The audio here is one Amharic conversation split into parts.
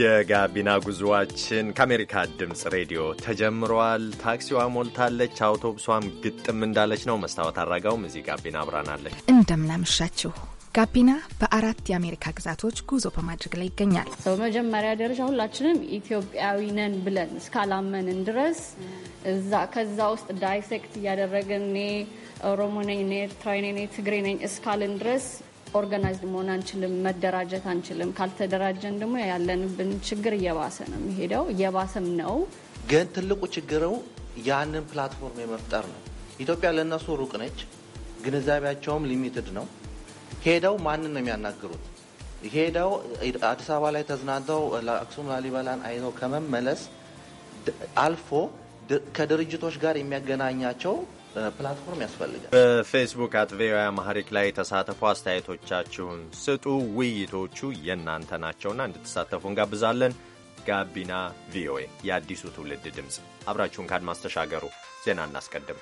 የጋቢና ጉዞዋችን ከአሜሪካ ድምፅ ሬዲዮ ተጀምረዋል። ታክሲዋ ሞልታለች፣ አውቶቡሷም ግጥም እንዳለች ነው። መስታወት አድራጋውም እዚህ ጋቢና አብራናለች። እንደምናመሻችሁ። ጋቢና በአራት የአሜሪካ ግዛቶች ጉዞ በማድረግ ላይ ይገኛል። በመጀመሪያ ደረጃ ሁላችንም ኢትዮጵያዊ ነን ብለን እስካላመንን ድረስ እዛ ከዛ ውስጥ ዳይሴክት እያደረግን እኔ ኦሮሞ ነኝ፣ እኔ ኤርትራዊ ነኝ፣ እኔ ትግሬ ነኝ እስካልን ድረስ ኦርጋናይዝድ መሆን አንችልም፣ መደራጀት አንችልም። ካልተደራጀን ደግሞ ያለንብን ችግር እየባሰ ነው የሚሄደው፣ እየባሰም ነው። ግን ትልቁ ችግረው ያንን ፕላትፎርም የመፍጠር ነው። ኢትዮጵያ ለእነሱ ሩቅ ነች፣ ግንዛቤያቸውም ሊሚትድ ነው። ሄደው ማንን ነው የሚያናግሩት? ሄደው አዲስ አበባ ላይ ተዝናንተው አክሱም ላሊበላን አይተው ከመመለስ አልፎ ከድርጅቶች ጋር የሚያገናኛቸው ፕላትፎርም ያስፈልጋል። በፌስቡክ አት ቪኦኤ አማሪክ ላይ የተሳተፉ አስተያየቶቻችሁን ስጡ። ውይይቶቹ የእናንተ ናቸውና እንድትሳተፉ እንጋብዛለን። ጋቢና ቪኦኤ የአዲሱ ትውልድ ድምፅ፣ አብራችሁን ካድማስ ተሻገሩ። ዜና እናስቀድም።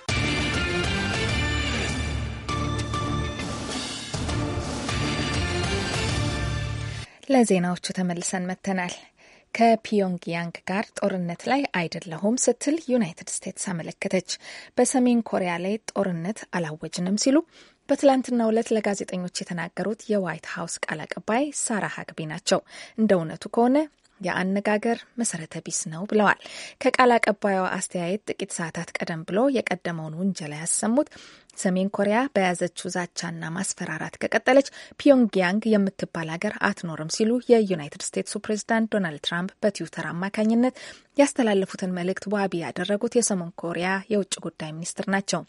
ለዜናዎቹ ተመልሰን መጥተናል። ከፒዮንግያንግ ጋር ጦርነት ላይ አይደለሁም ስትል ዩናይትድ ስቴትስ አመለከተች። በሰሜን ኮሪያ ላይ ጦርነት አላወጅንም ሲሉ በትላንትና ዕለት ለጋዜጠኞች የተናገሩት የዋይት ሀውስ ቃል አቀባይ ሳራ ሀግቢ ናቸው። እንደ እውነቱ ከሆነ የአነጋገር መሰረተ ቢስ ነው ብለዋል። ከቃል አቀባዩ አስተያየት ጥቂት ሰዓታት ቀደም ብሎ የቀደመውን ውንጀላ ያሰሙት ሰሜን ኮሪያ በያዘችው ዛቻና ማስፈራራት ከቀጠለች ፒዮንግያንግ የምትባል ሀገር አትኖርም ሲሉ የዩናይትድ ስቴትሱ ፕሬዚዳንት ዶናልድ ትራምፕ በትዊተር አማካኝነት ያስተላለፉትን መልእክት ዋቢ ያደረጉት የሰሜን ኮሪያ የውጭ ጉዳይ ሚኒስትር ናቸው።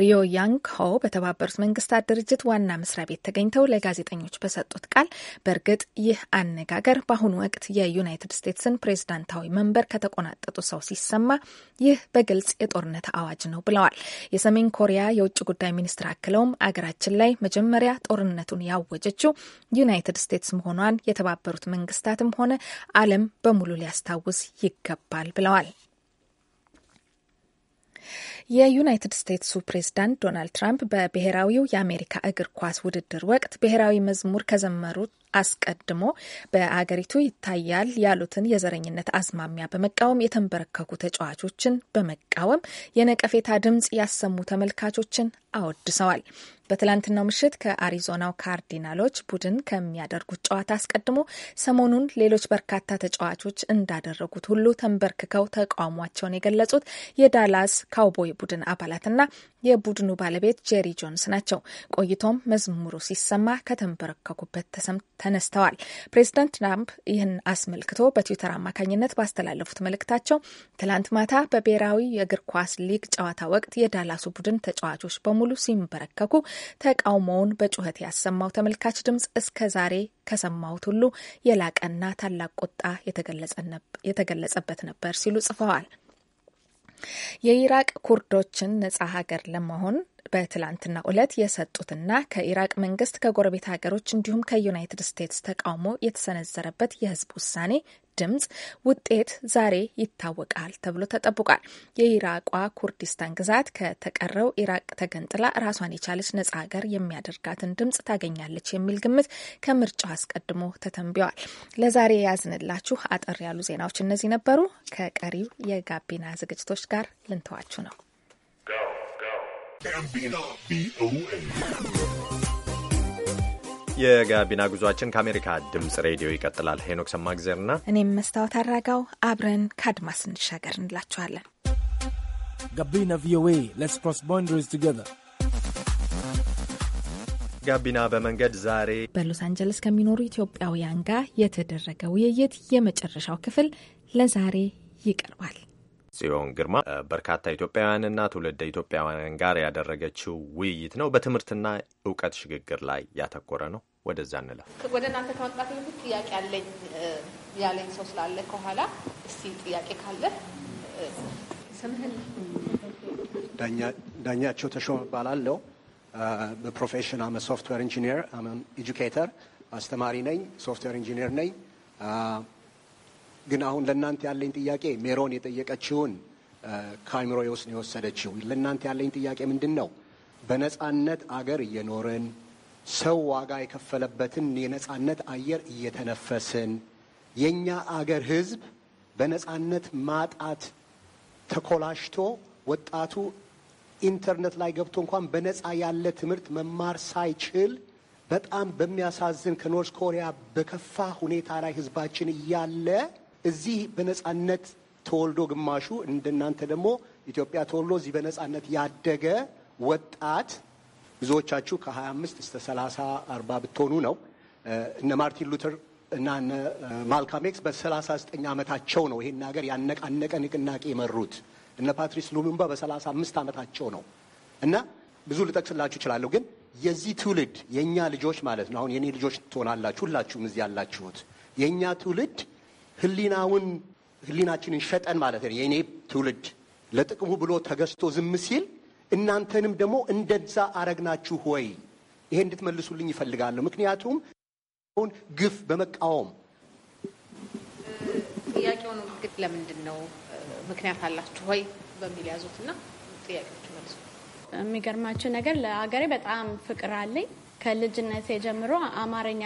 ሪዮ ያንግ ሆ በተባበሩት መንግስታት ድርጅት ዋና መስሪያ ቤት ተገኝተው ለጋዜጠኞች በሰጡት ቃል በእርግጥ ይህ አነጋገር በአሁኑ ወቅት የዩናይትድ ስቴትስን ፕሬዝዳንታዊ መንበር ከተቆናጠጡ ሰው ሲሰማ ይህ በግልጽ የጦርነት አዋጅ ነው ብለዋል። የሰሜን ኮሪያ የውጭ ጉዳይ ሚኒስትር አክለውም አገራችን ላይ መጀመሪያ ጦርነቱን ያወጀችው ዩናይትድ ስቴትስ መሆኗን የተባበሩት መንግስታትም ሆነ ዓለም በሙሉ ሊያስታውስ ይገባል ብለዋል። የዩናይትድ ስቴትሱ ፕሬዝዳንት ዶናልድ ትራምፕ በብሔራዊው የአሜሪካ እግር ኳስ ውድድር ወቅት ብሔራዊ መዝሙር ከዘመሩት አስቀድሞ በአገሪቱ ይታያል ያሉትን የዘረኝነት አዝማሚያ በመቃወም የተንበረከኩ ተጫዋቾችን በመቃወም የነቀፌታ ድምጽ ያሰሙ ተመልካቾችን አወድሰዋል። በትላንትናው ምሽት ከአሪዞናው ካርዲናሎች ቡድን ከሚያደርጉት ጨዋታ አስቀድሞ ሰሞኑን ሌሎች በርካታ ተጫዋቾች እንዳደረጉት ሁሉ ተንበርክከው ተቃውሟቸውን የገለጹት የዳላስ ካውቦይ ቡድን አባላትና የቡድኑ ባለቤት ጄሪ ጆንስ ናቸው። ቆይቶም መዝሙሩ ሲሰማ ከተንበረከኩበት ተነስተዋል። ፕሬዚዳንት ትራምፕ ይህን አስመልክቶ በትዊተር አማካኝነት ባስተላለፉት መልእክታቸው ትላንት ማታ በብሔራዊ የእግር ኳስ ሊግ ጨዋታ ወቅት የዳላሱ ቡድን ተጫዋቾች በሙሉ ሲንበረከኩ ተቃውሞውን በጩኸት ያሰማው ተመልካች ድምጽ እስከ ዛሬ ከሰማሁት ሁሉ የላቀና ታላቅ ቁጣ የተገለጸበት ነበር ሲሉ ጽፈዋል። የኢራቅ ኩርዶችን ነጻ ሀገር ለመሆን በትላንትና ዕለት የሰጡትና ከኢራቅ መንግስት ከጎረቤት ሀገሮች እንዲሁም ከዩናይትድ ስቴትስ ተቃውሞ የተሰነዘረበት የህዝብ ውሳኔ ድምጽ ውጤት ዛሬ ይታወቃል ተብሎ ተጠብቋል። የኢራቋ ኩርዲስታን ግዛት ከተቀረው ኢራቅ ተገንጥላ ራሷን የቻለች ነጻ ሀገር የሚያደርጋትን ድምጽ ታገኛለች የሚል ግምት ከምርጫው አስቀድሞ ተተንብዋል። ለዛሬ የያዝንላችሁ አጠር ያሉ ዜናዎች እነዚህ ነበሩ። ከቀሪው የጋቢና ዝግጅቶች ጋር ልንተዋችሁ ነው። ጋቢና ቪኦኤ የጋቢና ጉዟችን ከአሜሪካ ድምፅ ሬዲዮ ይቀጥላል። ሄኖክ ሰማግዜርና እኔም መስታወት አራጋው አብረን ከአድማስ እንሻገር እንላችኋለን። ጋቢና ቪኦኤ ሌትስ ክሮስ ቦንደሪስ ቱጌዘር ጋቢና በመንገድ ዛሬ በሎስ አንጀለስ ከሚኖሩ ኢትዮጵያውያን ጋር የተደረገ ውይይት የመጨረሻው ክፍል ለዛሬ ይቀርባል። ጽዮን ግርማ በርካታ ኢትዮጵያውያንና ትውልደ ኢትዮጵያውያን ጋር ያደረገችው ውይይት ነው። በትምህርትና እውቀት ሽግግር ላይ ያተኮረ ነው። ወደዛ እንለፍ። ወደ እናንተ ከመምጣት በፊት ጥያቄ ያለኝ ያለኝ ሰው ስላለ ከኋላ እስቲ ጥያቄ ካለ ስምህን? ዳኛቸው ተሾመ እባላለሁ። በፕሮፌሽን አመ ሶፍትዌር ኢንጂኒየር አመ ኤጁኬተር አስተማሪ ነኝ። ሶፍትዌር ኢንጂኒየር ነኝ። ግን አሁን ለእናንተ ያለኝ ጥያቄ ሜሮን የጠየቀችውን ከአይምሮዬ ውስጥ ነው የወሰደችው። ለእናንተ ያለኝ ጥያቄ ምንድን ነው? በነጻነት አገር እየኖርን ሰው ዋጋ የከፈለበትን የነጻነት አየር እየተነፈስን የእኛ አገር ህዝብ በነጻነት ማጣት ተኮላሽቶ ወጣቱ ኢንተርኔት ላይ ገብቶ እንኳን በነፃ ያለ ትምህርት መማር ሳይችል በጣም በሚያሳዝን ከኖርዝ ኮሪያ በከፋ ሁኔታ ላይ ህዝባችን እያለ እዚህ በነጻነት ተወልዶ ግማሹ እንደናንተ ደግሞ ኢትዮጵያ ተወልዶ እዚህ በነጻነት ያደገ ወጣት ብዙዎቻችሁ ከ25 እስከ 30 40 ብትሆኑ ነው። እነ ማርቲን ሉተር እና እነ ማልካም ኤክስ በ39 ዓመታቸው ነው ይሄን ሀገር ያነቃነቀ ንቅናቄ የመሩት። እነ ፓትሪስ ሉሙምባ በ35 ዓመታቸው ነው እና ብዙ ልጠቅስላችሁ እችላለሁ። ግን የዚህ ትውልድ የእኛ ልጆች ማለት ነው። አሁን የእኔ ልጆች ትሆናላችሁ ሁላችሁም እዚህ ያላችሁት የእኛ ትውልድ ህሊናውን ህሊናችንን ሸጠን ማለት ነው። የእኔ ትውልድ ለጥቅሙ ብሎ ተገዝቶ ዝም ሲል እናንተንም ደግሞ እንደዛ አረግናችሁ ወይ? ይሄ እንድትመልሱልኝ ይፈልጋለሁ። ምክንያቱም ሁን ግፍ በመቃወም ጥያቄውን እንግዲህ ለምንድን ነው ምክንያት አላችሁ ወይ በሚል ያዙትና ጥያቄዎች መልሱ። የሚገርማችሁ ነገር ለሀገሬ በጣም ፍቅር አለኝ። ከልጅነት ጀምሮ አማርኛ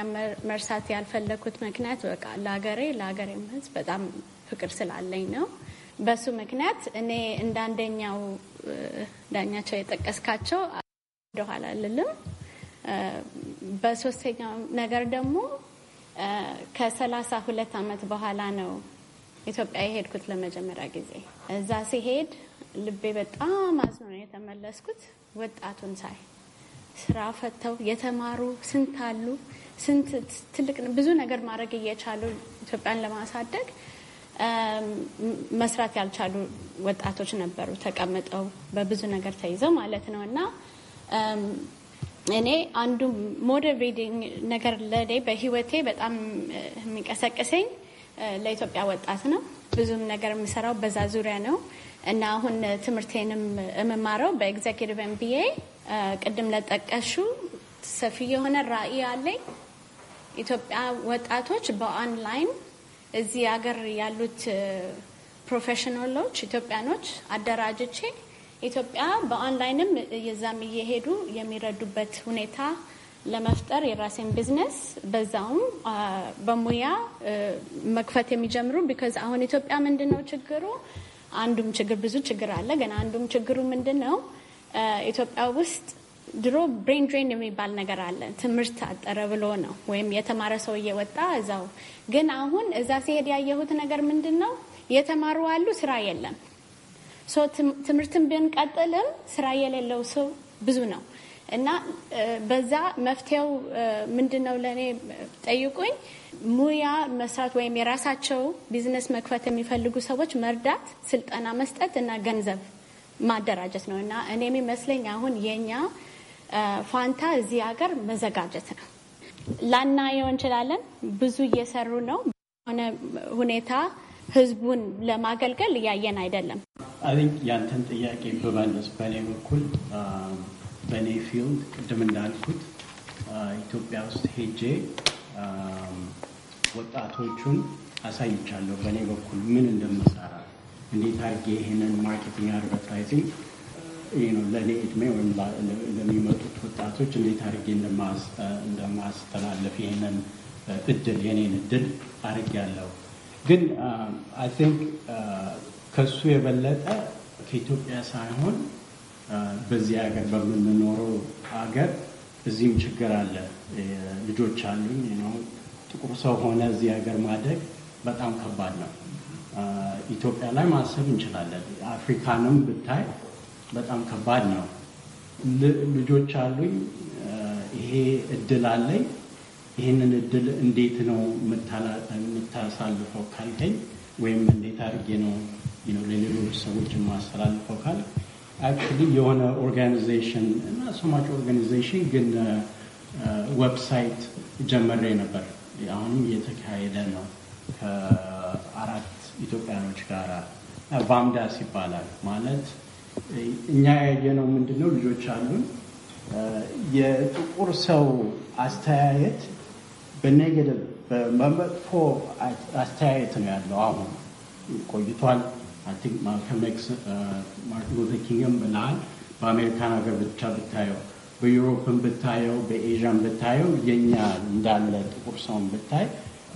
መርሳት ያልፈለግኩት ምክንያት በቃ ለሀገሬ ለሀገሬም ሕዝብ በጣም ፍቅር ስላለኝ ነው። በሱ ምክንያት እኔ እንዳንደኛው ዳኛቸው የጠቀስካቸው ወደኋላ አልልም። በሶስተኛው ነገር ደግሞ ከሰላሳ ሁለት አመት በኋላ ነው ኢትዮጵያ የሄድኩት ለመጀመሪያ ጊዜ እዛ ሲሄድ ልቤ በጣም አዝኖ ነው የተመለስኩት። ወጣቱን ሳይ ስራ ፈተው የተማሩ ስንት አሉ፣ ስንት ትልቅ ብዙ ነገር ማድረግ እየቻሉ ኢትዮጵያን ለማሳደግ መስራት ያልቻሉ ወጣቶች ነበሩ፣ ተቀምጠው በብዙ ነገር ተይዘው ማለት ነው። እና እኔ አንዱ ሞቲቬቲንግ ነገር ለእኔ በህይወቴ በጣም የሚቀሰቅሰኝ ለኢትዮጵያ ወጣት ነው። ብዙም ነገር የምሰራው በዛ ዙሪያ ነው እና አሁን ትምህርቴንም የምማረው በኤግዜኪቲቭ ኤምቢኤ ቅድም ለጠቀሹ ሰፊ የሆነ ራዕይ አለኝ። ኢትዮጵያ ወጣቶች በኦንላይን እዚህ ሀገር ያሉት ፕሮፌሽናሎች ኢትዮጵያኖች አደራጅቼ ኢትዮጵያ በኦንላይንም የዛም እየሄዱ የሚረዱበት ሁኔታ ለመፍጠር የራሴን ቢዝነስ በዛውም በሙያ መክፈት የሚጀምሩ ቢካዝ አሁን ኢትዮጵያ ምንድን ነው ችግሩ? አንዱም ችግር ብዙ ችግር አለ፣ ግን አንዱም ችግሩ ምንድን ነው ኢትዮጵያ ውስጥ ድሮ ብሬን ድሬን የሚባል ነገር አለ። ትምህርት አጠረ ብሎ ነው ወይም የተማረ ሰው እየወጣ እዛው። ግን አሁን እዛ ሲሄድ ያየሁት ነገር ምንድን ነው የተማሩ አሉ፣ ስራ የለም። ትምህርትን ብንቀጥልም ስራ የሌለው ሰው ብዙ ነው። እና በዛ መፍትሄው ምንድን ነው ለእኔ ጠይቁኝ። ሙያ መስራት ወይም የራሳቸው ቢዝነስ መክፈት የሚፈልጉ ሰዎች መርዳት፣ ስልጠና መስጠት እና ገንዘብ ማደራጀት ነው እና እኔ የሚመስለኝ አሁን የኛ ፋንታ እዚህ ሀገር መዘጋጀት ነው። ላናየው እንችላለን። ብዙ እየሰሩ ነው። ሆነ ሁኔታ ህዝቡን ለማገልገል እያየን አይደለም። አይ ያንተን ጥያቄ በመለስ በእኔ በኩል በእኔ ፊልድ ቅድም እንዳልኩት ኢትዮጵያ ውስጥ ሄጄ ወጣቶቹን አሳይቻለሁ። በእኔ በኩል ምን እንደምሰራ እንዴት አድርጌ ይህንን ማርኬቲንግ አድቨርታይዚንግ ለእኔ እድሜ ወይም ለሚመጡት ወጣቶች እንዴት አድርጌ እንደማስተላለፍ ይህንን እድል የኔን እድል አድርጌያለሁ። ግን አይ ቲንክ ከሱ የበለጠ ከኢትዮጵያ ሳይሆን በዚህ ሀገር በምንኖረው ሀገር እዚህም ችግር አለ። ልጆች አሉኝ። ጥቁር ሰው ሆነ እዚህ ሀገር ማደግ በጣም ከባድ ነው። ኢትዮጵያ ላይ ማሰብ እንችላለን። አፍሪካንም ብታይ በጣም ከባድ ነው። ልጆች አሉኝ። ይሄ እድል አለኝ። ይህንን እድል እንዴት ነው የምታሳልፈው ካልከኝ፣ ወይም እንዴት አድርጌ ነው ለሌሎች ሰዎች የማስተላልፈው ካልክ አክቹዋሊ የሆነ ኦርጋኒዜሽን እና ሶማች ኦርጋኒዜሽን ግን ዌብሳይት uh, uh, ጀመሬ ነበር። አሁንም እየተካሄደ ነው ከአራት ኢትዮጵያኖች ጋር ቫምዳስ ይባላል። ማለት እኛ ያየነው ምንድነው ልጆች አሉን uh, የጥቁር ሰው አስተያየት በኔጌቲቭ በመጥፎ አስተያየት ነው ያለው። አሁን ቆይቷል። አይ ቲንክ ማልከም ኤክስ ማርቲን ሉተር ኪንግም ብልሃል። በአሜሪካን ሀገር ብቻ ብታየው፣ በዩሮፕን ብታየው፣ በኤዥያን ብታየው፣ የእኛ እንዳለ ጥቁር ሰውን ብታይ፣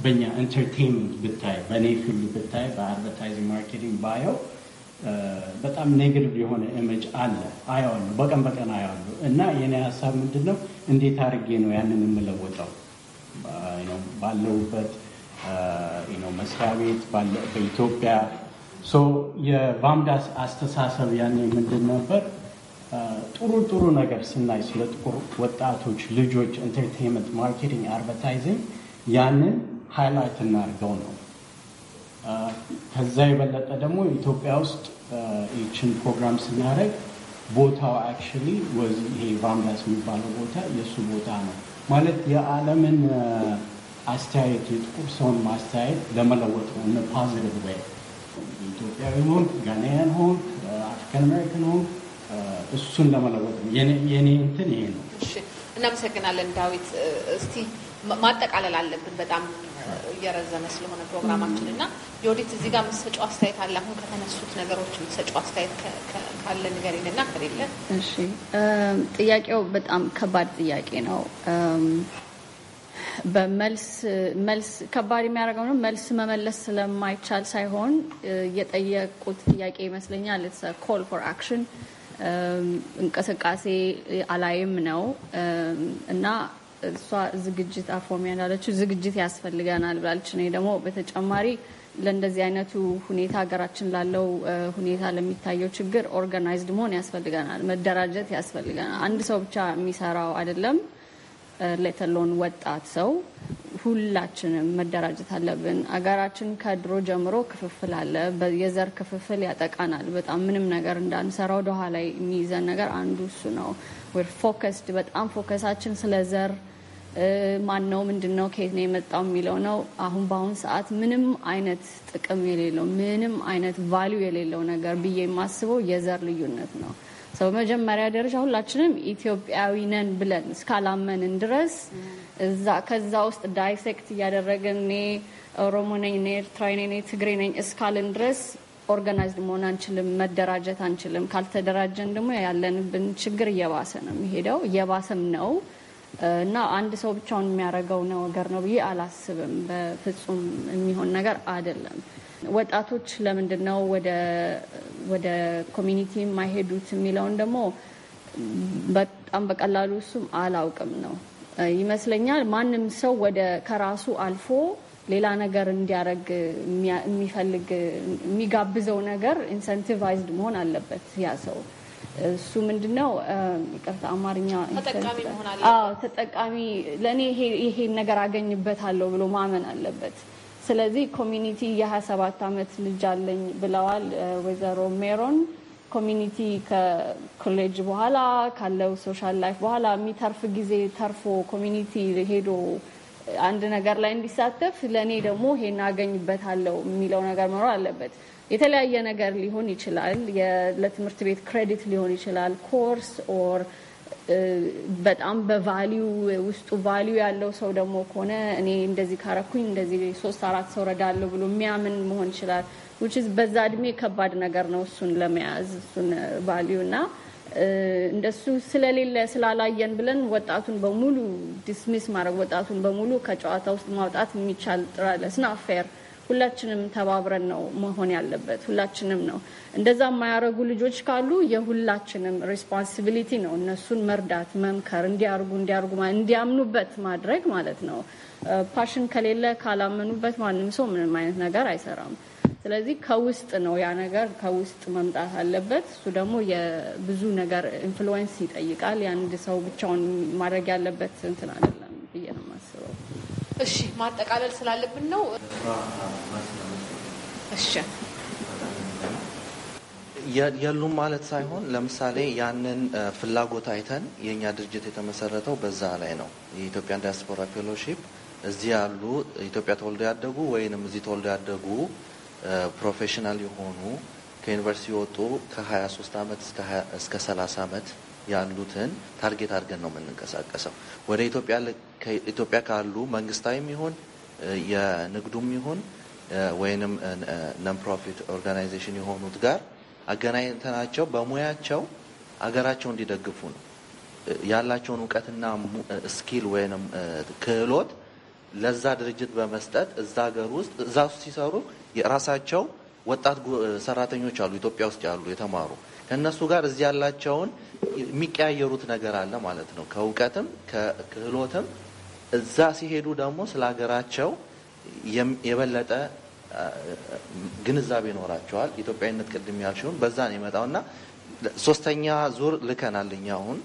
በእኛ ኢንተርቴንመንት ብታይ፣ በእኔ ፊልድ ብታይ፣ በአድቨርታይዚንግ ማርኬቲንግ ባየው በጣም ኔጌቲቭ የሆነ ኢሜጅ አለ። አየዋለሁ፣ በቀን በቀን አየዋለሁ። እና የኔ ሀሳብ ምንድን ነው? እንዴት አድርጌ ነው ያንን የምለወጠው? ባለውበት መስሪያ ቤት በኢትዮጵያ የቫምዳስ አስተሳሰብ ያኔ ምንድን ነበር? ጥሩ ጥሩ ነገር ስናይ ስለ ጥቁር ወጣቶች ልጆች ኢንተርቴንመንት፣ ማርኬቲንግ፣ አድቨርታይዚንግ ያንን ሃይላይት እናድርገው ነው። ከዛ የበለጠ ደግሞ ኢትዮጵያ ውስጥ ይችን ፕሮግራም ስናደርግ ቦታው አክቹዋሊ ወዚ ይሄ ቫምዳስ የሚባለው ቦታ የእሱ ቦታ ነው ማለት የዓለምን አስተያየት የጥቁር ሰውን ማስተያየት ለመለወጥ ነው ፓዚቲቭ ወይ ኢትዮጵያዊ ሆን ጋናያን ሆን አፍሪካን አሜሪካን ሆን እሱን ለመለወጥ ነው የኔ እንትን ይሄ ነው። እናመሰግናለን ዳዊት። እስቲ ማጠቃለል አለብን በጣም እየረዘመ ስለሆነ ፕሮግራማችን እና የወዲት እዚህ ጋር የምትሰጪው አስተያየት አለ። አሁን ከተነሱት ነገሮች የምትሰጪው አስተያየት ካለ ንገሪን እና ከሌለ። እሺ ጥያቄው በጣም ከባድ ጥያቄ ነው። በመልስ መልስ ከባድ የሚያደርገው ነው። መልስ መመለስ ስለማይቻል ሳይሆን የጠየቁት ጥያቄ ይመስለኛል ኮል ፎር አክሽን እንቅስቃሴ አላይም ነው እና እሷ ዝግጅት አፎሚያ እንዳለችው ዝግጅት ያስፈልገናል ብላለች። እኔ ደግሞ በተጨማሪ ለእንደዚህ አይነቱ ሁኔታ ሀገራችን ላለው ሁኔታ ለሚታየው ችግር ኦርጋናይዝድ መሆን ያስፈልገናል፣ መደራጀት ያስፈልገናል። አንድ ሰው ብቻ የሚሰራው አይደለም። ሌተሎን ወጣት ሰው ሁላችንም መደራጀት አለብን። አገራችን ከድሮ ጀምሮ ክፍፍል አለ። የዘር ክፍፍል ያጠቃናል በጣም ምንም ነገር እንዳንሰራ ወደኋላ የሚይዘን ነገር አንዱ እሱ ነው። ዌር ፎከስድ በጣም ፎከሳችን ስለ ዘር ማን ነው ምንድን ነው ከየት ነው የመጣው የሚለው ነው። አሁን በአሁን ሰዓት ምንም አይነት ጥቅም የሌለው ምንም አይነት ቫሊዩ የሌለው ነገር ብዬ የማስበው የዘር ልዩነት ነው። ሰው መጀመሪያ ደረጃ ሁላችንም ኢትዮጵያዊ ነን ብለን እስካላመንን ድረስ እዛ ከዛ ውስጥ ዳይሴክት እያደረግን እኔ ኦሮሞ ነኝ፣ እኔ ኤርትራዊ ነኝ፣ እኔ ትግሬ ነኝ እስካልን ድረስ ኦርጋናይዝድ መሆን አንችልም፣ መደራጀት አንችልም። ካልተደራጀን ደግሞ ያለንብን ችግር እየባሰ ነው የሚሄደው እየባሰም ነው እና አንድ ሰው ብቻውን የሚያደርገው ነገር ነው ብዬ አላስብም። በፍጹም የሚሆን ነገር አይደለም። ወጣቶች ለምንድን ነው ወደ ኮሚኒቲ የማይሄዱት የሚለውን ደግሞ በጣም በቀላሉ እሱም አላውቅም ነው ይመስለኛል። ማንም ሰው ወደ ከራሱ አልፎ ሌላ ነገር እንዲያደርግ የሚፈልግ የሚጋብዘው ነገር ኢንሰንቲቫይዝድ መሆን አለበት ያ ሰው። እሱ ምንድነው ይቅርታ፣ አማርኛ ተጠቃሚ ለእኔ ይሄን ነገር አገኝበታለሁ ብሎ ማመን አለበት። ስለዚህ ኮሚኒቲ የ27 ዓመት ልጅ አለኝ ብለዋል ወይዘሮ ሜሮን። ኮሚኒቲ ከኮሌጅ በኋላ ካለው ሶሻል ላይፍ በኋላ የሚተርፍ ጊዜ ተርፎ ኮሚኒቲ ሄዶ አንድ ነገር ላይ እንዲሳተፍ ለእኔ ደግሞ ይሄን አገኝበታለሁ የሚለው ነገር መኖር አለበት። የተለያየ ነገር ሊሆን ይችላል። ለትምህርት ቤት ክሬዲት ሊሆን ይችላል። ኮርስ ኦር በጣም በቫሊዩ ውስጡ ቫሊዩ ያለው ሰው ደግሞ ከሆነ እኔ እንደዚህ ካረኩኝ እንደዚህ ሶስት አራት ሰው ረዳለሁ ብሎ የሚያምን መሆን ይችላል። ውችዝ በዛ እድሜ ከባድ ነገር ነው እሱን ለመያዝ እሱን ቫሊዩ እና እንደሱ ስለሌለ ስላላየን ብለን ወጣቱን በሙሉ ዲስሚስ ማድረግ ወጣቱን በሙሉ ከጨዋታ ውስጥ ማውጣት የሚቻል ጥራለ ስናፌር ሁላችንም ተባብረን ነው መሆን ያለበት። ሁላችንም ነው። እንደዛ የማያረጉ ልጆች ካሉ የሁላችንም ሪስፖንሲቢሊቲ ነው እነሱን መርዳት፣ መምከር፣ እንዲያርጉ እንዲያርጉ እንዲያምኑበት ማድረግ ማለት ነው። ፓሽን ከሌለ ካላመኑበት ማንም ሰው ምንም አይነት ነገር አይሰራም። ስለዚህ ከውስጥ ነው ያ ነገር ከውስጥ መምጣት አለበት። እሱ ደግሞ የብዙ ነገር ኢንፍሉዌንስ ይጠይቃል። የአንድ ሰው ብቻውን ማድረግ ያለበት እንትን አይደለም ብዬ ነው። እሺ ማጠቃለል ስላለብን ነው። እሺ የሉም ማለት ሳይሆን ለምሳሌ ያንን ፍላጎት አይተን የእኛ ድርጅት የተመሰረተው በዛ ላይ ነው። የኢትዮጵያን ዲያስፖራ ፌሎሺፕ እዚህ ያሉ ኢትዮጵያ ተወልዶ ያደጉ ወይንም እዚህ ተወልዶ ያደጉ ፕሮፌሽናል የሆኑ ከዩኒቨርሲቲ የወጡ ከ23 ዓመት እስከ 30 ዓመት ያሉትን ታርጌት አድርገን ነው የምንንቀሳቀሰው። ወደ ኢትዮጵያ ካሉ መንግስታዊም ይሁን የንግዱም ይሁን ወይንም ነን ፕሮፊት ኦርጋናይዜሽን የሆኑት ጋር አገናኝተናቸው በሙያቸው አገራቸው እንዲደግፉ ነው ያላቸውን እውቀትና ስኪል ወይንም ክህሎት ለዛ ድርጅት በመስጠት እዛ ሀገር ውስጥ እዛ ውስጥ ሲሰሩ የራሳቸው ወጣት ሰራተኞች አሉ ኢትዮጵያ ውስጥ ያሉ የተማሩ ከእነሱ ጋር እዚህ ያላቸውን የሚቀያየሩት ነገር አለ ማለት ነው። ከእውቀትም ከክህሎትም እዛ ሲሄዱ ደግሞ ስለ ሀገራቸው የበለጠ ግንዛቤ ይኖራቸዋል። ኢትዮጵያዊነት ቅድም ያልሽውን በዛ ነው የመጣው እና ሶስተኛ ዙር ልከናል። እኛ አሁን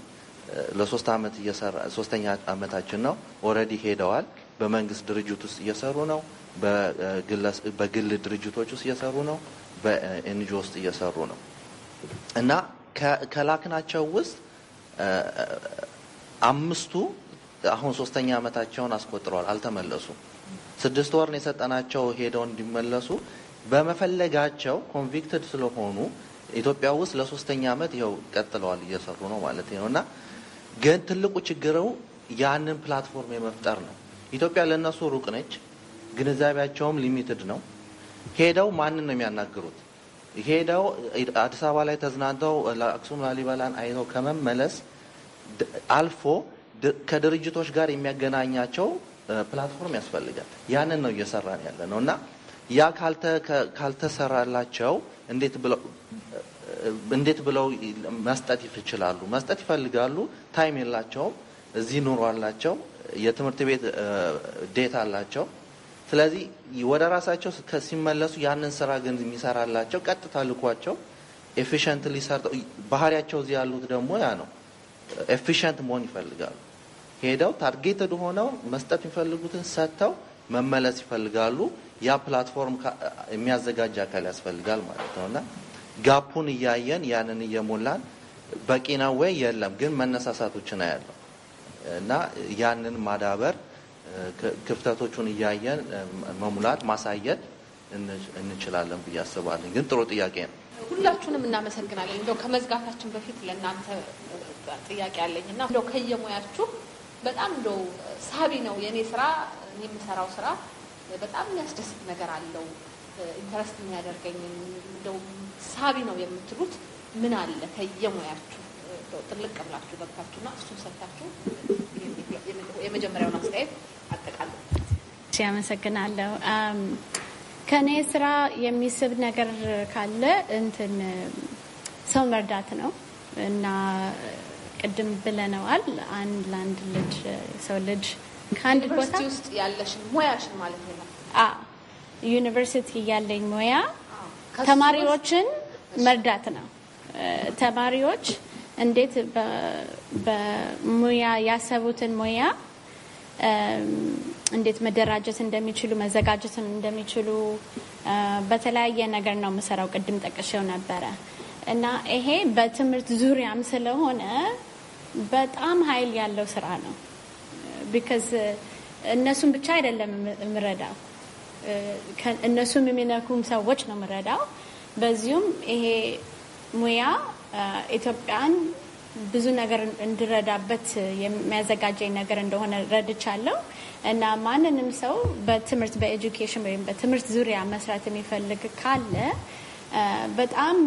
ለሶስት ዓመት እየሰራ ሶስተኛ ዓመታችን ነው። ኦልሬዲ ሄደዋል። በመንግስት ድርጅት ውስጥ እየሰሩ ነው። በግል ድርጅቶች ውስጥ እየሰሩ ነው። በኤንጂኦ ውስጥ እየሰሩ ነው እና ከላክናቸው ውስጥ አምስቱ አሁን ሶስተኛ ዓመታቸውን አስቆጥረዋል፣ አልተመለሱም። ስድስት ወርን የሰጠናቸው ሄደው እንዲመለሱ በመፈለጋቸው ኮንቪክትድ ስለሆኑ ኢትዮጵያ ውስጥ ለሶስተኛ ዓመት ይኸው ቀጥለዋል እየሰሩ ነው ማለት ነው። እና ግን ትልቁ ችግረው ያንን ፕላትፎርም የመፍጠር ነው። ኢትዮጵያ ለእነሱ ሩቅ ነች፣ ግንዛቤያቸውም ሊሚትድ ነው። ሄደው ማንን ነው የሚያናግሩት? ሄደው አዲስ አበባ ላይ ተዝናንተው ለአክሱም ላሊበላን አይተው ከመመለስ አልፎ ከድርጅቶች ጋር የሚያገናኛቸው ፕላትፎርም ያስፈልጋል። ያንን ነው እየሰራን ያለ ነው እና ያ ካልተሰራላቸው እንዴት ብለው መስጠት ይችላሉ? መስጠት ይፈልጋሉ፣ ታይም የላቸውም። እዚህ ኑሮ አላቸው፣ የትምህርት ቤት ዴት አላቸው። ስለዚህ ወደ ራሳቸው ሲመለሱ ያንን ስራ ግን የሚሰራላቸው ቀጥታ ልኳቸው ኤፊሽንት ሰርተው ባህሪያቸው እዚህ ያሉት ደግሞ ያ ነው። ኤፊሽንት መሆን ይፈልጋሉ። ሄደው ታርጌትድ ሆነው መስጠት የሚፈልጉትን ሰጥተው መመለስ ይፈልጋሉ። ያ ፕላትፎርም የሚያዘጋጅ አካል ያስፈልጋል ማለት ነው እና ጋፑን እያየን ያንን እየሞላን በቂ ነው ወይ? የለም ግን መነሳሳቶችን አያለው እና ያንን ማዳበር ክፍተቶቹን እያየን መሙላት ማሳየት እንችላለን ብዬ አስባለን። ግን ጥሩ ጥያቄ ነው። ሁላችሁንም እናመሰግናለን። እንደው ከመዝጋታችን በፊት ለእናንተ ጥያቄ አለኝ እና እንደው ከየሙያችሁ በጣም እንደው ሳቢ ነው የእኔ ስራ የምሰራው ስራ በጣም የሚያስደስት ነገር አለው ኢንተረስት የሚያደርገኝ እንደው ሳቢ ነው የምትሉት ምን አለ ከየሙያችሁ? ጥልቅ ብላችሁ ገብታችሁና እሱን ሰጥታችሁ የመጀመሪያውን አስተያየት አጠቃለሁ። አመሰግናለሁ። ከእኔ ስራ የሚስብ ነገር ካለ እንትን ሰው መርዳት ነው እና ቅድም ብለነዋል። አንድ ለአንድ ልጅ ሰው ልጅ ከአንድ ቦታ ውስጥ ያለሽን ሙያሽን ማለት ነው። ዩኒቨርሲቲ ያለኝ ሙያ ተማሪዎችን መርዳት ነው። ተማሪዎች እንዴት በሙያ ያሰቡትን ሙያ እንዴት መደራጀት እንደሚችሉ መዘጋጀት እንደሚችሉ በተለያየ ነገር ነው የምሰራው። ቅድም ጠቅሼው ነበረ እና ይሄ በትምህርት ዙሪያም ስለሆነ በጣም ኃይል ያለው ስራ ነው። ቢካዝ እነሱን ብቻ አይደለም የምረዳው፣ እነሱም የሚነኩም ሰዎች ነው የምረዳው። በዚሁም ይሄ ሙያ ኢትዮጵያን ብዙ ነገር እንድረዳበት የሚያዘጋጀኝ ነገር እንደሆነ ረድቻለሁ እና ማንንም ሰው በትምህርት በኤጁኬሽን ወይም በትምህርት ዙሪያ መስራት የሚፈልግ ካለ በጣም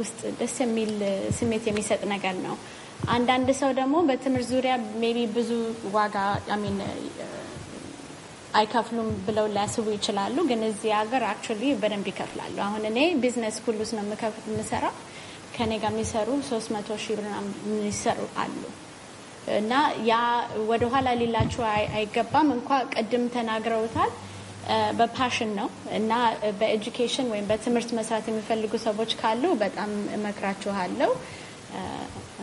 ውስጥ ደስ የሚል ስሜት የሚሰጥ ነገር ነው። አንዳንድ ሰው ደግሞ በትምህርት ዙሪያ ሜቢ ብዙ ዋጋ ሚን አይከፍሉም ብለው ሊያስቡ ይችላሉ። ግን እዚህ ሀገር አክቹዋሊ በደንብ ይከፍላሉ። አሁን እኔ ቢዝነስ ሁሉስ ነው የምሰራው ከኔ ጋር የሚሰሩ ሶስት መቶ ሺህ ብር የሚሰሩ አሉ እና ያ ወደኋላ ሌላቸው አይገባም። እንኳ ቅድም ተናግረውታል። በፓሽን ነው እና በኤጁኬሽን ወይም በትምህርት መስራት የሚፈልጉ ሰዎች ካሉ በጣም እመክራችኋለሁ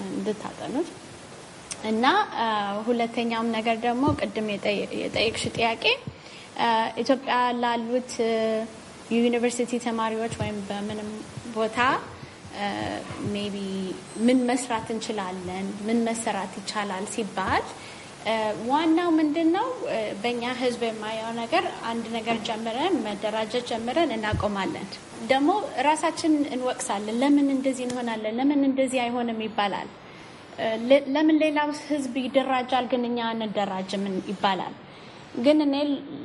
እንድታጠኑት እና ሁለተኛውም ነገር ደግሞ ቅድም የጠየቅሽ ጥያቄ ኢትዮጵያ ላሉት የዩኒቨርሲቲ ተማሪዎች ወይም በምንም ቦታ ሜቢ ምን መስራት እንችላለን፣ ምን መሰራት ይቻላል ሲባል ዋናው ምንድን ነው? በእኛ ህዝብ የማየው ነገር አንድ ነገር ጀምረን መደራጀት ጀምረን እናቆማለን። ደግሞ ራሳችን እንወቅሳለን። ለምን እንደዚህ እንሆናለን፣ ለምን እንደዚህ አይሆንም ይባላል። ለምን ሌላው ህዝብ ይደራጃል፣ ግን እኛ አንደራጅም ይባላል። ግን እኔ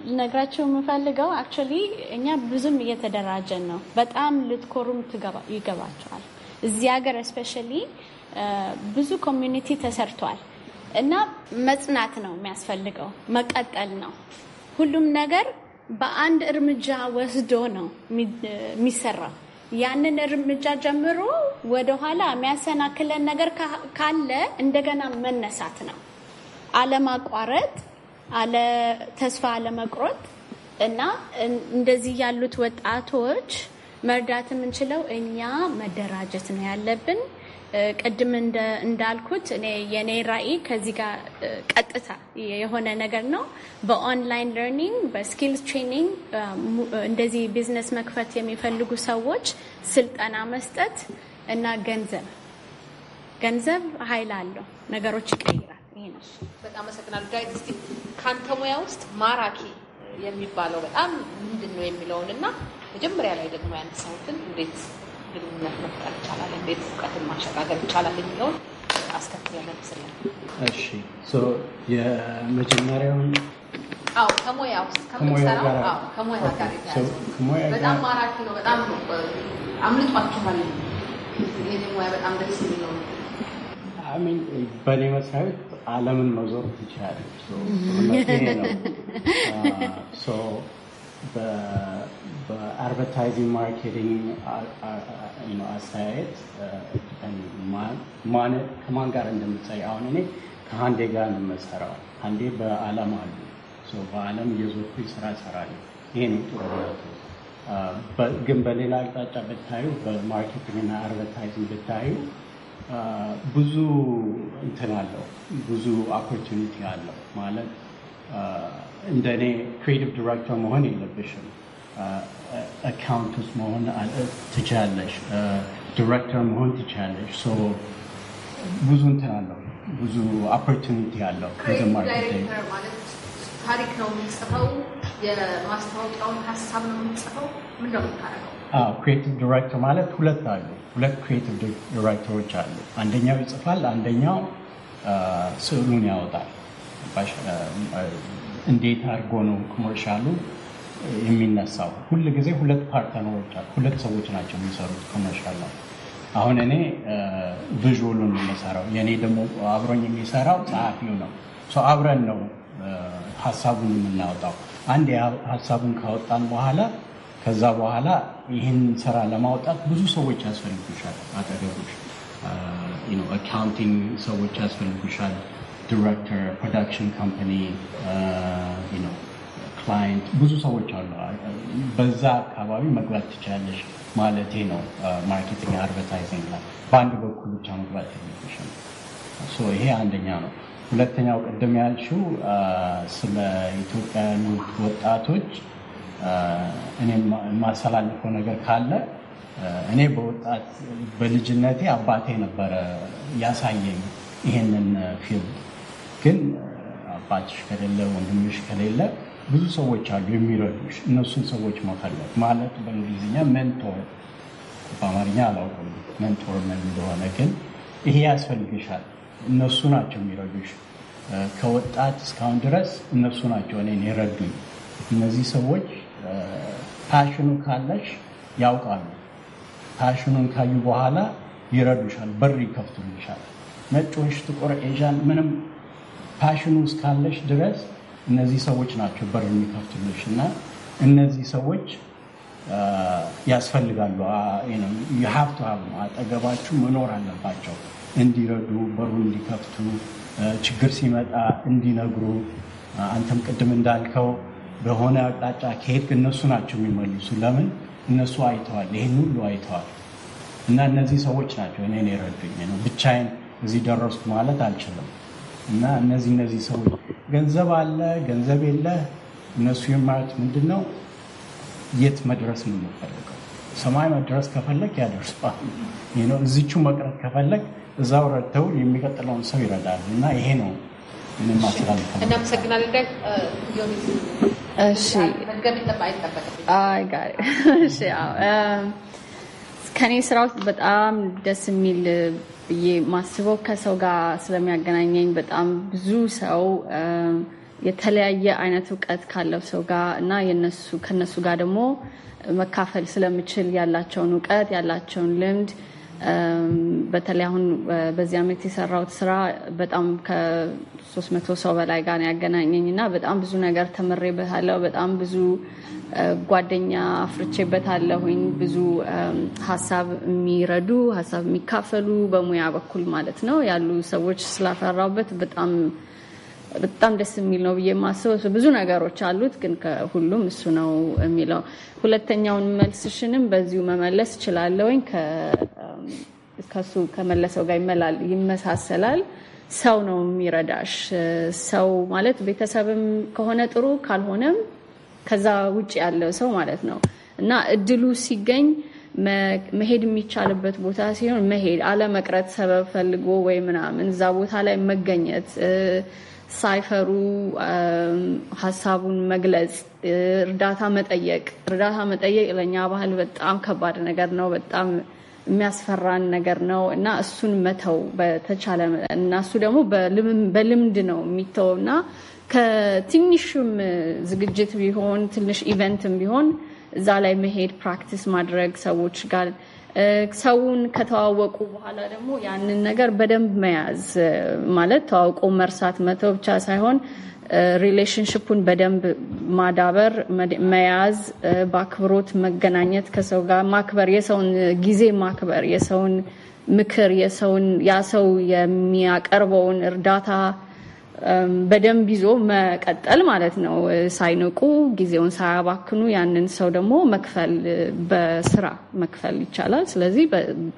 ልነግራቸው የምፈልገው አክቹዋሊ እኛ ብዙም እየተደራጀን ነው። በጣም ልትኮሩም ይገባቸዋል። እዚህ ሀገር እስፔሻሊ ብዙ ኮሚኒቲ ተሰርቷል እና መጽናት ነው የሚያስፈልገው፣ መቀጠል ነው። ሁሉም ነገር በአንድ እርምጃ ወስዶ ነው የሚሰራው። ያንን እርምጃ ጀምሮ ወደኋላ የሚያሰናክለን ነገር ካለ እንደገና መነሳት ነው አለማቋረጥ አለ ተስፋ አለመቁረጥ እና እንደዚህ ያሉት ወጣቶች መርዳት የምንችለው እኛ መደራጀት ነው ያለብን። ቅድም እንዳልኩት እኔ የኔ ራዕይ ከዚህ ጋር ቀጥታ የሆነ ነገር ነው። በኦንላይን ለርኒንግ፣ በስኪልስ ትሬኒንግ እንደዚህ ቢዝነስ መክፈት የሚፈልጉ ሰዎች ስልጠና መስጠት እና ገንዘብ ገንዘብ ኃይል አለው፣ ነገሮች ይቀይራል። ይሄ ነው። በጣም አመሰግናለሁ። ከአንተ ሙያ ውስጥ ማራኪ የሚባለው በጣም ምንድን ነው የሚለውን እና መጀመሪያ ላይ ደግሞ ያነሳሁትን እንዴት ግንኙነት መፍጠር ይቻላል፣ እንዴት እውቀትን ማሸጋገር ይቻላል የሚለውን አስከትለ ነብስለን። እሺ የመጀመሪያውን ከሙያ ውስጥ ከሙያ ጋር በጣም ማራኪ ነው። በጣም አምልጧችኋል። ይህ ሙያ በጣም ደስ የሚለው አሚን በእኔ መስሪያ ቤት ዓለምን መዞር ትችላለች። በአድቨርታይዚንግ ማርኬቲንግ አስተያየት uh, ከማን ጋር እንደምትሰሪ አሁን እኔ ከአንዴ ጋር እንመሰራው አንዴ በአለም አሉ በአለም የዞርኩኝ ስራ እሰራለሁ። ይሄ ነው ጥሩነቱ። uh, ግን በሌላ አቅጣጫ ብታዩ በማርኬቲንግ እና አድቨርታይዚንግ ብታዩ ብዙ እንትን አለው ብዙ ኦፖርቹኒቲ አለው ማለት እንደ እኔ ክሬቲቭ ዲሬክተር መሆን የለብሽም። አካውንትስ መሆን ትችላለሽ፣ ዲሬክተር መሆን ትችላለሽ። ብዙ እንትን አለው ብዙ ኦፖርቹኒቲ አለው። ታሪክ ነው የምንጽፈው፣ የማስታወቂያውን ሀሳብ ነው የምንጽፈው። ምንደው ነው ክሬቲቭ ዲሬክተር ማለት ሁለት አሉ ሁለት ክሬቲቭ ራይተሮች አሉ። አንደኛው ይጽፋል፣ አንደኛው ስዕሉን ያወጣል። እንዴት አድርጎ ነው ኮመርሻሉ የሚነሳው? ሁል ጊዜ ሁለት ፓርትነሮች አሉ፣ ሁለት ሰዎች ናቸው የሚሰሩት ኮመርሻል ነው። አሁን እኔ ቪዥሉን የሚሰራው የእኔ ደግሞ አብሮኝ የሚሰራው ጸሐፊው ነው። አብረን ነው ሀሳቡን የምናወጣው። አንድ ሀሳቡን ካወጣን በኋላ ከዛ በኋላ ይህን ስራ ለማውጣት ብዙ ሰዎች ያስፈልጉሻል፣ አጠገቦች አካውንቲንግ ሰዎች ያስፈልጉሻል፣ ዲሬክተር፣ ፕሮዳክሽን ካምፓኒ፣ ክላይንት፣ ብዙ ሰዎች አሉ። በዛ አካባቢ መግባት ትችላለሽ ማለቴ ነው። ማርኬቲንግ፣ አድቨርታይዚንግ ላይ በአንድ በኩል ብቻ መግባት ትችላለሽ። ይሄ አንደኛ ነው። ሁለተኛው ቅድም ያልሽው ስለ ኢትዮጵያ ወጣቶች እኔ የማስተላልፈው ነገር ካለ እኔ በወጣት በልጅነቴ አባቴ ነበረ ያሳየኝ ይሄንን ፊልም። ግን አባትሽ ከሌለ ወንድምሽ ከሌለ ብዙ ሰዎች አሉ የሚረዱሽ። እነሱን ሰዎች መፈለግ ማለት በእንግሊዝኛ መንቶር፣ በአማርኛ አላውቅም መንቶር ምን እንደሆነ ግን ይሄ ያስፈልግሻል። እነሱ ናቸው የሚረዱሽ። ከወጣት እስካሁን ድረስ እነሱ ናቸው እኔን የረዱኝ። እነዚህ ሰዎች ፓሽኑ ካለሽ ያውቃሉ። ፓሽኑን ካዩ በኋላ ይረዱሻል፣ በር ይከፍቱልሻል። ነጭ ሆንሽ፣ ጥቁር፣ ኤዥያን ምንም ፓሽኑ እስካለሽ ድረስ እነዚህ ሰዎች ናቸው በር የሚከፍቱልሽ እና እነዚህ ሰዎች ያስፈልጋሉ። የሀብቱ ሀብ ነው፣ አጠገባችሁ መኖር አለባቸው። እንዲረዱ በሩ እንዲከፍቱ ችግር ሲመጣ እንዲነግሩ አንተም ቅድም እንዳልከው በሆነ አቅጣጫ ከሄድክ እነሱ ናቸው የሚመልሱ። ለምን እነሱ አይተዋል፣ ይህን ሁሉ አይተዋል። እና እነዚህ ሰዎች ናቸው እኔን የረዱኝ ነው። ብቻዬን እዚህ ደረስኩ ማለት አልችልም። እና እነዚህ እነዚህ ሰዎች ገንዘብ አለ ገንዘብ የለ እነሱ የማዩት ምንድን ነው? የት መድረስ ነው የምፈልገው? ሰማይ መድረስ ከፈለግ ያደርሷል። እዚቹ መቅረት ከፈለግ እዛው ረድተው የሚቀጥለውን ሰው ይረዳል። እና ይሄ ነው ከኔ ስራ ውስጥ በጣም ደስ የሚል ብዬ ማስበው ከሰው ጋር ስለሚያገናኘኝ በጣም ብዙ ሰው የተለያየ አይነት እውቀት ካለው ሰው ጋር እና ከነሱ ጋር ደግሞ መካፈል ስለምችል ያላቸውን እውቀት ያላቸውን ልምድ በተለይ አሁን በዚህ አመት የሰራሁት ስራ በጣም ከሶስት መቶ ሰው በላይ ጋር ያገናኘኝ እና በጣም ብዙ ነገር ተምሬበታለሁ። በጣም ብዙ ጓደኛ አፍርቼበታለሁኝ። ብዙ ሀሳብ የሚረዱ ሀሳብ የሚካፈሉ በሙያ በኩል ማለት ነው ያሉ ሰዎች ስላፈራሁበት በጣም በጣም ደስ የሚል ነው ብዬ የማስበው ብዙ ነገሮች አሉት፣ ግን ከሁሉም እሱ ነው የሚለው። ሁለተኛውን መልስሽንም በዚሁ መመለስ እችላለሁኝ። ከሱ ከመለሰው ጋር ይመሳሰላል። ሰው ነው የሚረዳሽ። ሰው ማለት ቤተሰብም ከሆነ ጥሩ ካልሆነም ከዛ ውጭ ያለው ሰው ማለት ነው እና እድሉ ሲገኝ መሄድ የሚቻልበት ቦታ ሲሆን መሄድ አለመቅረት ሰበብ ፈልጎ ወይ ምናምን እዛ ቦታ ላይ መገኘት ሳይፈሩ ሀሳቡን መግለጽ፣ እርዳታ መጠየቅ። እርዳታ መጠየቅ ለእኛ ባህል በጣም ከባድ ነገር ነው። በጣም የሚያስፈራን ነገር ነው እና እሱን መተው በተቻለ እና እሱ ደግሞ በልምድ ነው የሚተው እና ከትንሽም ዝግጅት ቢሆን ትንሽ ኢቨንትም ቢሆን እዛ ላይ መሄድ ፕራክቲስ ማድረግ ሰዎች ጋር ሰውን ከተዋወቁ በኋላ ደግሞ ያንን ነገር በደንብ መያዝ ማለት ተዋውቆ መርሳት መተው ብቻ ሳይሆን ሪሌሽንሽፑን በደንብ ማዳበር መያዝ፣ በአክብሮት መገናኘት ከሰው ጋር ማክበር፣ የሰውን ጊዜ ማክበር፣ የሰውን ምክር፣ የሰውን ያ ሰው የሚያቀርበውን እርዳታ በደንብ ይዞ መቀጠል ማለት ነው። ሳይንቁ ጊዜውን ሳያባክኑ ያንን ሰው ደግሞ መክፈል በስራ መክፈል ይቻላል። ስለዚህ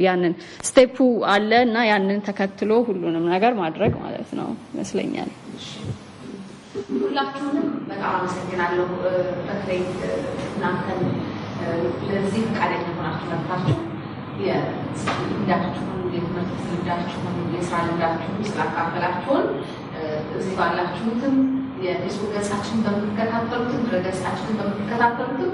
ያንን ስቴፑ አለ እና ያንን ተከትሎ ሁሉንም ነገር ማድረግ ማለት ነው ይመስለኛል። ሁላችሁንም በጣም አመሰግናለሁ። በተለይ እናንተን ለዚህ ፈቃደኛ ሆናችሁ መጥታችሁ የልምዳችሁን የትምህርት ልምዳችሁን የስራ ልምዳችሁን ስላካፈላችሁን እዚህ ባላችሁትም የፌስቡክ ገጻችን በምትከታተሉትም ድረገጻችን በምትከታተሉትም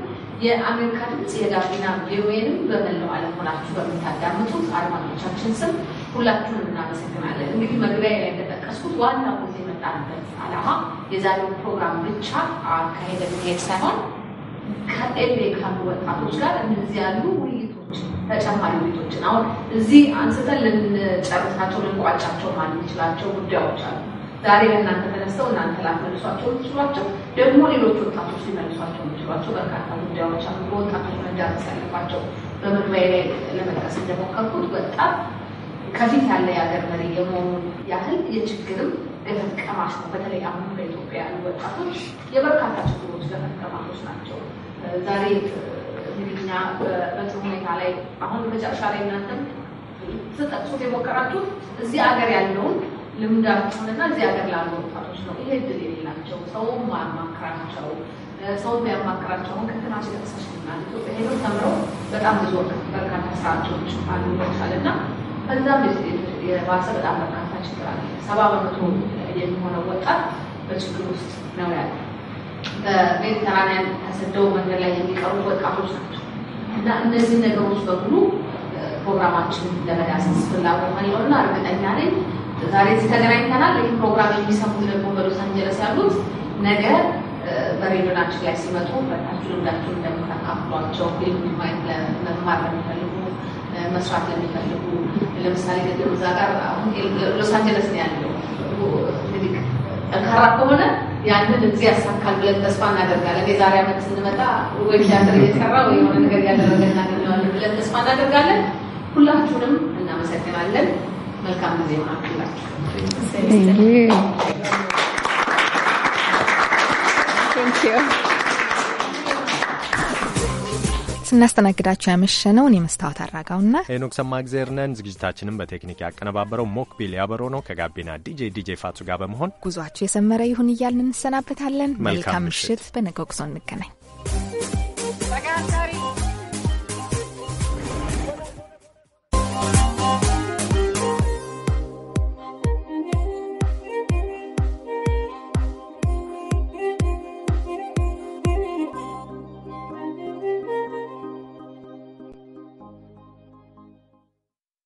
የአሜሪካ ድምፅ የጋቢና ቪኦኤንም በመላው ዓለም ሆናችሁ በምታዳምጡት አድማጮቻችን ስም ሁላችሁን እናመሰግናለን። እንግዲህ መግቢያ ላይ እንደጠቀስኩት ዋና ጊዜ የመጣንበት ዓላማ የዛሬው ፕሮግራም ብቻ አካሄደ መሄድ ሳይሆን ካሉ ወጣቶች ጋር እንደዚህ ያሉ ውይይቶችን ተጨማሪ ውይይቶችን አሁን እዚህ አንስተን ልንጨርሳቸው ልንቋጫቸው ማንችላቸው ጉዳዮች አሉ። ዛሬ በእናንተ ተነስተው እናንተ ላትመልሷቸው የምትችሏቸው ደግሞ ሌሎች ወጣቶች ሊመልሷቸው የምትችሏቸው በርካታ ጉዳዮች አሉ። በወጣቶች መዳረስ ያለባቸው በመግቢያ ላይ ለመጥቀስ እንደሞከርኩት በጣም ከፊት ያለ የሀገር መሪ የመሆኑን ያህል የችግርም ገፈቀማሽ ነው። በተለይ አሁን በኢትዮጵያ ያሉ ወጣቶች የበርካታ ችግሮች ገፈቀማሾች ናቸው። ዛሬ እንግዲኛ በጥሩ ሁኔታ ላይ አሁን መጨረሻ ላይ እናንተም ስጠቅሱት የሞከራችሁት እዚህ አገር ያለውን ልምዳቸውንና እዚህ ሀገር ላሉ ወጣቶች ነው። ይሄ እድል የሌላቸው ሰው ማማክራቸው ሰው የሚያማክራቸውን ከትናቸው የተሳሽና ኢትዮጵያ ሄደው ተምረው በጣም ብዙ በርካታ ስራቸዎች አሉ ይቻል እና ከዛም የባሰ በጣም በርካታ ችግር አለ። ሰባ በመቶ የሚሆነው ወጣት በችግር ውስጥ ነው ያለ። በሜዲተራንያን ተሰደው መንገድ ላይ የሚቀሩ ወጣቶች ናቸው እና እነዚህ ነገሮች በሙሉ ፕሮግራማችን ለመዳሰስ ፍላጎት አለው እርግጠኛ ነኝ ዛሬ እዚህ ተገናኝተናል። ይህ ፕሮግራም የሚሰሙት ደግሞ በሎስ አንጀለስ ያሉት ነገ በሬዲዮናችን ላይ ሲመጡ በታችሁ ልምዳችሁ እንደምታካፍሏቸው ፊልም ማየት ለመማር ለሚፈልጉ መስራት ለሚፈልጉ ለምሳሌ ገገብ እዛ ጋር አሁን ሎስ አንጀለስ ነው ያለው እንግዲህ ጠንካራ ከሆነ ያንን እዚህ ያሳካል ብለን ተስፋ እናደርጋለን። የዛሬ ዓመት ስንመጣ ወይ ቲያትር እየሰራ ወይ የሆነ ነገር ያደረገ እናገኘዋለን ብለን ተስፋ እናደርጋለን። ሁላችሁንም እናመሰግናለን። መልካም ጊዜ ይሆናል። Thank you. Thank you. ስናስተናግዳቸው ያመሸነውን የመስታወት አራጋውና ሄኖክ ሰማእግዜር ነን። ዝግጅታችንን በቴክኒክ ያቀነባበረው ሞክቢል ያበሮ ነው። ከጋቢና ዲጄ ዲጄ ፋቱ ጋር በመሆን ጉዟቸው የሰመረ ይሁን እያልን እንሰናበታለን። መልካም ምሽት። በነገው ጉዞ እንገናኝ።